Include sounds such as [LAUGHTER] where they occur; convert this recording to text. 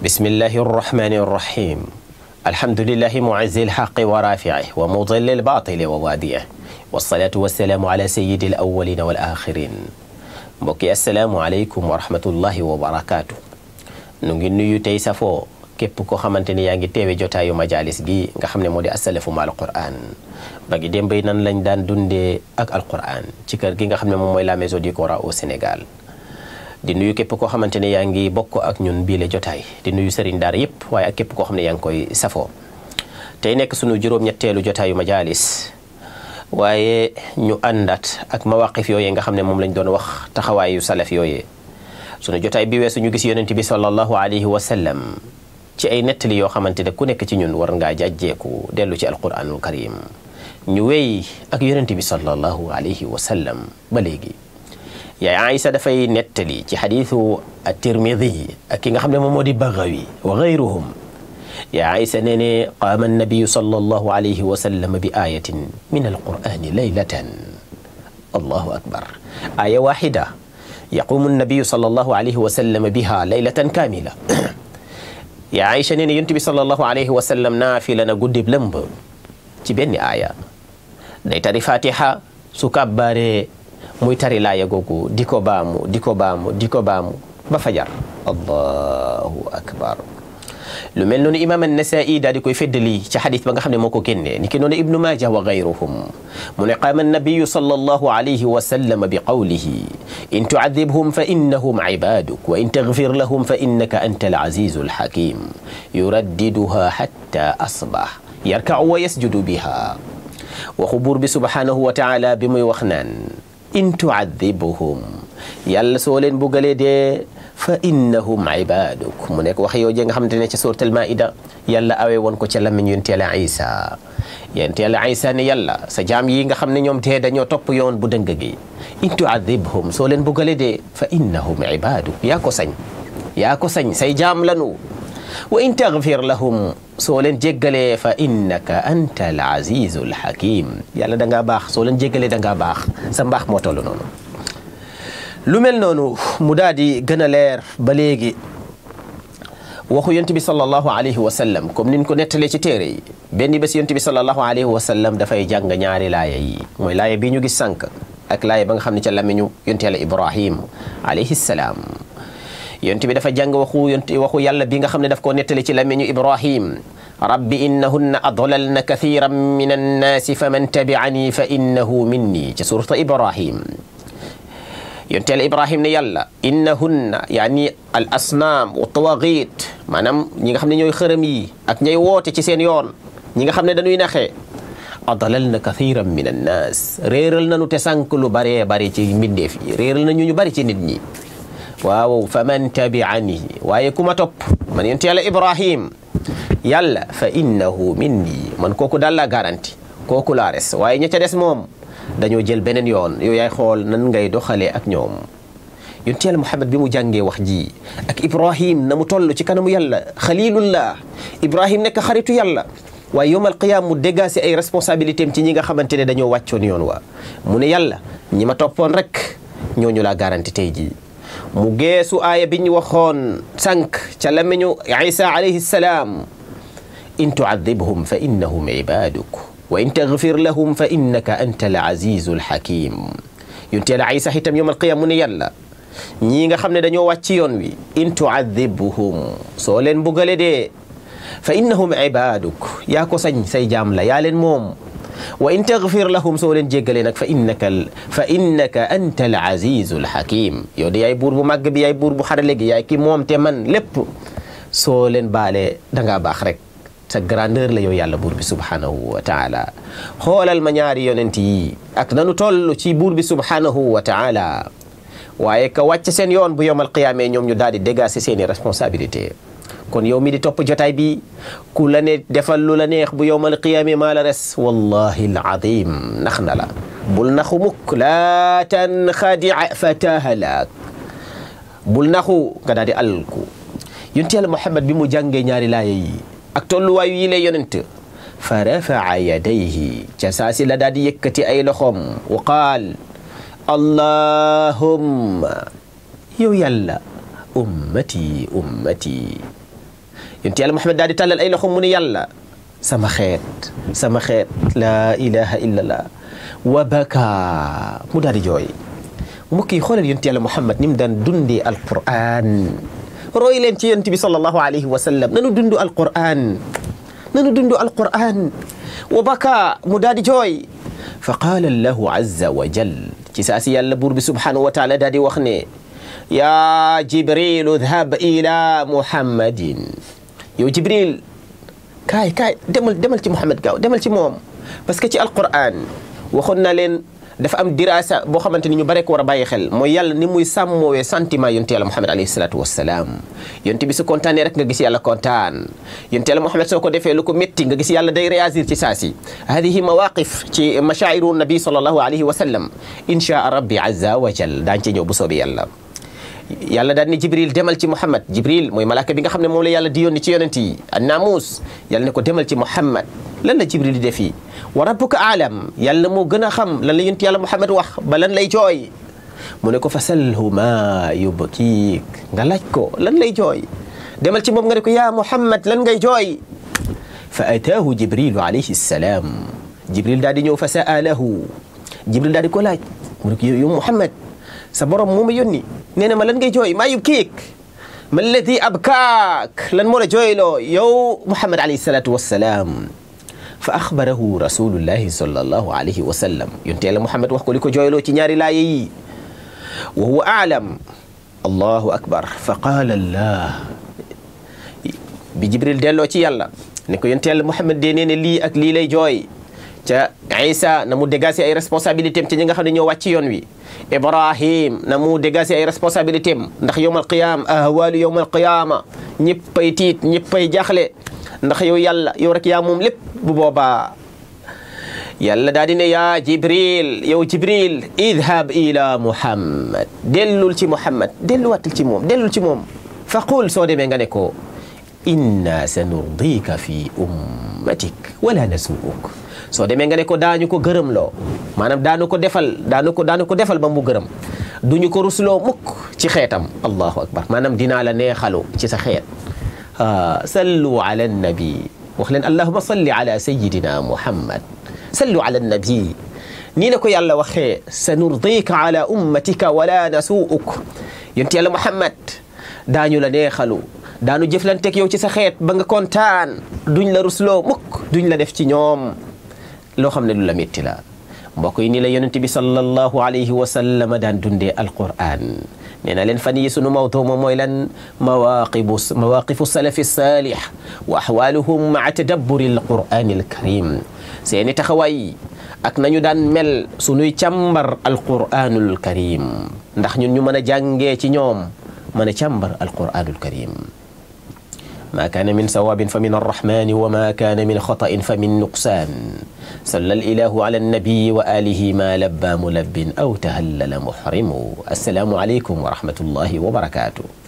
بسم الله الرحمن الرحيم الحمد لله معز الحق ورافعه ومضل الباطل وواديه والصلاة والسلام على سيد الأولين والآخرين بكي السلام عليكم ورحمة الله وبركاته نجي نيو كيف كيب كو خامتيني ياغي تيوي جوتا يو مجالس جي nga xamne modi asalaf ma alquran bagi dembe nan lañ dan dundé ak alquran ci kër gi nga xamne mom moy la maison du qura au di nuyu képp koo xamante ne yaa ngi bokk ak ñun bii la jotaay di nuyu sëriñ daara yëpp waaye ak képp koo xam ne yaa koy safoo tey nekk sunu juróom-ñetteelu jotaayu majaalis waaye ñu àndaat ak mawaqif yooyee nga xam ne moom lañ doon wax taxawaayu salaf yooyee sunu jotaay bi weesu ñu gis yonent bi sallallahu alayhi wa sallam ci ay nettali yoo xamante ne ku nekk ci ñun war ngaa jàjjeeku dellu ci alquranul karim ñu wéy ak yonent bi sallallahu alayhi wa sallam ba léegi. يا عائشة دفاي نتلي في حديث الترمذي كي nga xamne mom modi baghawi يا عائشة نني قام النبي صلى الله عليه وسلم بآية من القرآن ليلة الله أكبر آية واحدة يقوم النبي صلى الله عليه وسلم بها ليلة كاملة [CLEARS THROAT] يا عائشة نني ينتبي صلى الله عليه وسلم نافي لنا قد بلمب تبيني آية نيتاري فاتحة سكبري muy tari laaya googu di ko baamu di ko baamu di ko baamu ba fajar allahu akbar lu mel noonu imam annasai daal di koy feddali ci xadis ba nga xam ne moo ko génnee ni ki noonu ibnu maja wa gayruhum mu ne qaama annabiyu sal allahu alayhi wa sallama bi qawlihi in tucadibhum fa innahum cibaduk wa in tagfir lahum fa innaka anta alazizu alxakim yuraddiduha xatta asbax yarkacu wa yasjudu biha waxu buur bi subhanahu wa taala bi muy wax naan in tuadibuhum yàlla soo leen bugalee dee fa innahum ibaduk mu nekk wax yoo jee nga xamante ne ca suratul maida yàlla awee woon ko ca lamiñ yonent yàlla isa yonent yàlla isa ne yalla sa jaam yi nga xam ne ñoom tee dañoo topp yoon bu dëng gi in tuadibhum soo leen bugalee de fa innahum ibaduk yaa ko sañ yaa ko sañ lanu wa in taghfir lahum soo leen jéggalee fa innaka anta al azizul hakim yàlla da ngaa baax soo leen jéggalee da baax sa mbaax moo toll noonu lu mel noonu mu daal di gën a leer ba léegi waxu yonent bi sallallahu alayhi wa sallam comme niñ ko nettalee ci téere yi benn bés yonent bi sallallahu alayhi wa sallam dafay jàng ñaari laaya yi mooy laaya bi ñu gis sànq ak laaya ba nga xam ne ca lamiñu yonent Yàlla Ibrahim alayhi salaam te bi dafa jàng waxu yonent waxu yàlla bi nga xam ne daf koo nettali ci lamiñu Ibrahim rabbi innahunna adlalna kathiran min annaasi faman tabi'ani fa innahu minni ci suurata Ibrahim yonteel Ibrahim ne yàlla innahunna yaani al asnaam wa tawagiit maanaam ñi nga xam ne ñooy xërëm yi ak ñay woote ci seen yoon ñi nga xam ne dañuy naxee adlalna kathiran min annaas réeral nu te sànq lu baree bari ci mbindeef yi nañu ñu bari ci nit ñi waaw fa man tabi'ani waaye ku ma topp man yonent yàlla Ibrahim yàlla fa innahu yi man kooku daal laa garanti kooku laa res waaye ña ca des moom dañoo jël beneen yoon yow yaay xool nan ngay doxalee ak ñoom yonent yàlla Muhammad bi mu jàngee wax ji ak Ibrahim na mu toll ci kanamu yàlla xalilullah Ibrahim nekk xaritu yàlla waaye yowmal qiyaam mu déggaasi ay responsabilité am ci ñi nga xamante ne dañoo wàccoon yoon wa mu ne yàlla ñi ma toppon rek ñooñu laa garanti jii mu geesu aaya bi ñu waxoon sànq ca lamiñu isa alayhi salaam in tuadibhum fa innahum ibaduk wa in tagfir lahum fa innaka anta al azizu al hakim yonte yàlla isa itam yowm al qiyama mu ne yàlla ñii nga xam ne dañoo wàcc yoon wi in tuadibhum soo leen bugale dee fa innahum ibaduk yaa ko sañ say jaam la yaa leen moom wa in taghfir lahum soo leen jéggalee nag fa innaka fa innaka anta al azizul hakim yow di yaay buur bu màgg bi yaay buur bu xarale gi yaay ki moom te man lépp soo leen baalee dangaa baax rek sa grandeur la yow yàlla buur bi subhanahu wa taala xoolal ma ñaari yonent yi ak nanu toll ci buur bi subhanahu wa taala waaye ka wàcc seen yoon bu yomal qiyaamee ñoom ñu daal di dégager seeni responsabilité kon yow mi di top jotay bi ku la ne defal lu la neex bu yowmal qiyaame ma la res wallahi alazim nax na la bul naxu mukk laa tanxadia fatahalak bul nakhu nga daal di alku yunti al Muhammad bi mu jange ñaari laaya yi ak tolluwaayu yi lay yonent fa rafaa yadayhi jasasi la dadi yekati ay loxoom wa qal allahumma yow yàlla ummati ummati ينتي يالا محمد دادي تالال اي لخم من سما خيت سما خيت لا اله الا الله وبكى مداري جوي موكي خول ينتي يالا محمد نيم دندي القران روي لين تي صلى الله عليه وسلم نانو دندو القران نانو دندو القران وبكى مداري جوي فقال الله عز وجل تي ساسي يالا بور سبحانه وتعالى دادي وخني يا جبريل اذهب الى محمد yow Jibril kaay kaay demal demal ci Mouhamed gaaw demal ci moom parce que ci alquran waxoon na leen dafa am dirasa boo xamante ni ñu bare ko war a xel mooy yàlla ni muy sàmmoowee sentiment yonte yàlla Mouhamed alayhi salaatu wassalaam yonte bi su kontaanee rek nga gis yàlla kontaan yonte yàlla soo ko defee lu ko métti nga gisi yàlla day réagir ci saasi hadihi mawaqif ci mashaa'iru nabi sallallahu alayhi wa sallam inchaa rabbi azza wa jal daañ ci ñëw bu soobee yàlla yàlla daal ne jibril demal ci muhammad jibril mooy malaaka bi nga xam ne moom la yàlla di yónni ci yonent yi annaamuus yàlla ne ko demal ci muhammad lan la jibril di def yi wa yalla aalam moo gën a xam lan la yonent yàlla muhammad wax ba lan lay jooy mu ne ko fasalhu ma yubkiik nga laaj ko lan lay jooy demal ci moom nga ne ko yaa muhammad lan ngay jooy fa ataahu jibrilu alayhi daal di ñëw fa saalahu jibril daal di ko laaj ne ko yow muhammad sa borom moo ma yónni nee ma lan ngay jooy maa yubkiik ma alladi abkaak lan moo la loo yow Muhammad alayhi salaatu wassalaam fa axbarahu rasulullahi sallallahu alayhi wa sallam wax ko li ko jooyloo ci ñaari laaye yi wa akbar fa allah bi jibril delloo ci yàlla ne ko yonteela Muhammad dee nee ne lii ak lii lay jooy ca Isa na mu dégager ay responsabilités am ca ñi nga xam ne ñoo wàcc yoon wi Ibrahim na mu dégagé ay responsabilité am ndax yowmal qiyaama ahwaalu yowmal qiyaama ñëppay tiit ñëppay jaaxle ndax yow yàlla yow rek yaa moom lépp bu boobaa yàlla daa di ne yaa Jibril yow Jibril idhab ila Muhammad dellul ci Muhammad delluwaatul ci moom dellul ci moom faqul soo demee nga ne ko inna sanurdika fi ummatik wala nasuuk soo demee nga ne ko daañu ko gërëm loo maanaam daanu ko defal daanu ko daanu ko defal ba mu gërëm duñu ko rusloo mukk ci xeetam allahu akbar maanaam dinaa la neexalu ci sa xeet ah, sallu ala wax leen allahuma salli ala sayidina muhammad sallu ala nabi nii la ko yàlla waxee sa nurdika ala ummatika wala nasuuk yonti yàlla muhammad daañu la neexalu daanu jëflanteeg yow ci sa xeet ba nga kontaan duñ la rusloo mukk duñ la def ci ñoom loo xam ne lu la métti la mbokk yi ni la yonent bi sallallahu alayhi wa sallam daan dundee alquran nee na leen fan yi sunu mawtoo moom mooy lan mawaqibu mawaqifu salafi saalih wa ahwaluhum maa tadabburi alqurani alkarim seeni taxawaay ak nañu daan mel sunuy càmbar alquranul karim ndax ñun ñu mën a jàngee ci ñoom mën a càmbar alquranul karim ما كان من ثواب فمن الرحمن وما كان من خطأ فمن نقصان صلى الإله على النبي وآله ما لبى ملب أو تهلل محرم السلام عليكم ورحمة الله وبركاته